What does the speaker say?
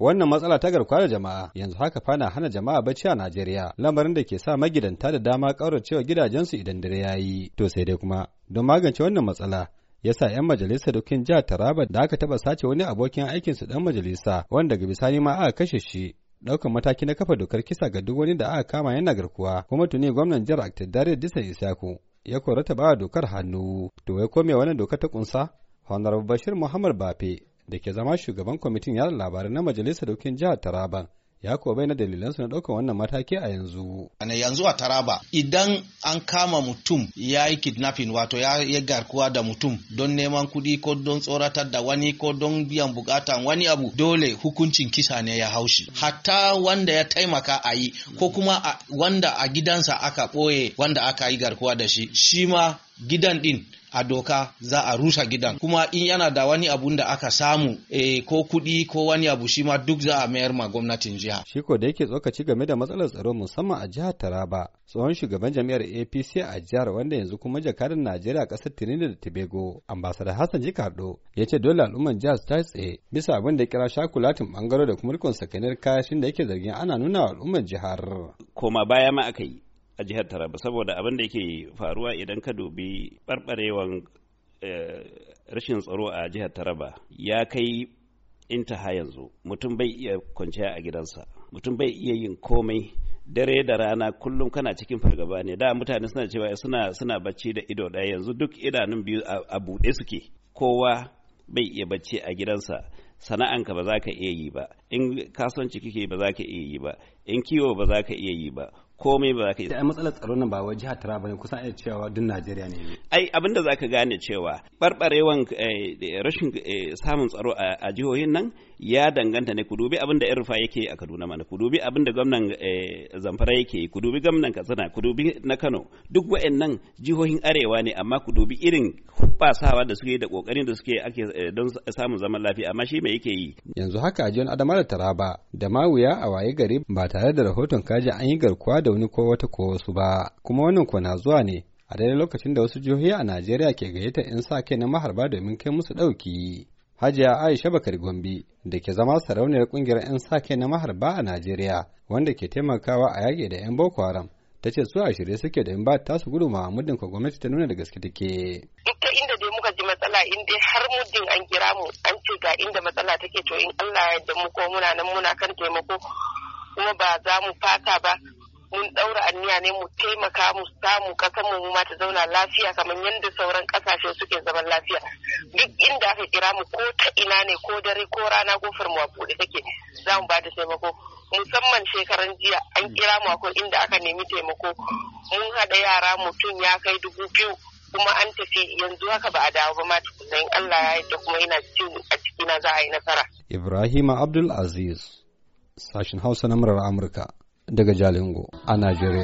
Wannan matsala ta garkuwa da jama'a yanzu haka fana hana jama'a bacci a Najeriya, lamarin da ke sa magidanta da dama ƙauracewa gidajensu idan dare ya yi. To sai dai kuma, don magance wannan matsala, yasa 'yan Majalisa dokin jihar Taraba da aka taɓa sace wani abokin aikinsu dan majalisa wanda daga bisani ma aka kashe shi daukan mataki na kafa dokar kisa ga duk wani da aka kama yana garkuwa kuma tuni gwamnan jihar Aktadare Disan Isaku ya korata ba dokar hannu to wai ko me wannan doka ta kunsa Honorable Bashir Muhammad Bafe da ke zama shugaban kwamitin yada labarai na majalisar dokin jihar Taraba ya kuwa bai na dalilansu na ɗaukar wannan mataki a yanzu. Ana yanzu a Taraba idan an kama mutum ya yi kidnapping wato ya yi garkuwa da mutum don neman kuɗi ko don tsoratar da wani ko don biyan bukatan wani abu dole hukuncin kisa ne ya haushi. Hatta wanda ya taimaka a yi ko kuma wanda a gidansa aka ɓoye wanda aka yi garkuwa da shi shi ma gidan din. a doka za a rusa gidan kuma in yana da wani abun da aka samu e, ko kuɗi ko wani abu shi ma duk za a mayar ma gwamnatin jiha. Shi ko da yake tsokaci game da matsalar tsaro musamman a jihar Taraba tsohon shugaban jami'ar APC a jihar wanda yanzu kuma jakadan Najeriya kasar Trinidad da Tobago ambasada Hassan Jikardo ya ce dole al'ummar jihar su tsaye bisa abin da kira shakulatin bangaro da kuma rikon sakanin kayashin da yake zargin ana nuna wa al'ummar jihar. Koma baya ma aka yi. a jihar taraba saboda abin da yake faruwa idan ka dubi barbarewan eh, rashin tsaro a jihar taraba ya kai intaha yanzu mutum bai iya kwanciya a gidansa mutum bai iya yin komai dare da rana kullum kana cikin fargaba ne da mutane suna cewa suna suna bacci da ido ɗaya yanzu duk idanun biyu a buɗe suke kowa bai iya bacci a gidansa sana'anka ba za ka iya yi ba in kasuwanci kike ba za ka iya yi ba in kiwo ba za ka iya yi ba komai ba za ka yi. Da matsalar tsaro nan ba wai jihar ba ne kusan iya cewa duk Najeriya ne. Ai abin da za ka gane cewa barbarewan eh, rashin eh, samun tsaro a jihohin nan ya danganta ne ku dubi abin da Irfa yake a Kaduna mana ku dubi abin da gwamnan eh, Zamfara yake ku dubi gwamnan Katsina ku dubi na Kano duk waɗannan jihohin arewa ne amma ku dubi irin hubbasawa da suke da kokarin da suke ake don samun zaman lafiya amma shi me yake yi. Yanzu haka a jihar Adamawa da Taraba da Mawuya a waye gari ba tare da rahoton kaji an yi garkuwa da da wani ko wata ko wasu ba kuma wannan ko na zuwa ne a daidai lokacin da wasu jihohi a Najeriya ke gayyata 'yan sa kai na maharba domin kai musu ɗauki. Hajiya Aisha Bakar Gombe da ke zama sarauniyar kungiyar 'yan sa kai na maharba a Najeriya wanda ke taimakawa a yaƙi da 'yan Boko Haram ta ce su a shirye suke da in ba ta su gudu ma muddin ko gwamnati ta nuna da gaske take. Duk ta inda dai muka ji matsala in dai har muddin an kira mu an ce ga inda matsala take to in Allah ya yarda mu ko muna nan muna kan taimako kuma ba za mu fata ba mun daura anniya ne mu taimaka mu samu kasar mu ma mata zauna lafiya kamar yadda sauran kasashe suke zaman lafiya duk inda aka kira mu ko ta ina ne ko dare ko rana ko mu a buɗe take za mu bada taimako musamman shekaran jiya an kira mu akwai inda aka nemi taimako mun haɗa yara mutum ya kai dubu biyu kuma an tafi yanzu haka ba a dawo ba ma kusa in Allah ya yadda kuma ina cikin a cikina za a yi nasara. Ibrahim Abdul Aziz sashin Hausa na murar Amurka daga Jalingo a Najeriya.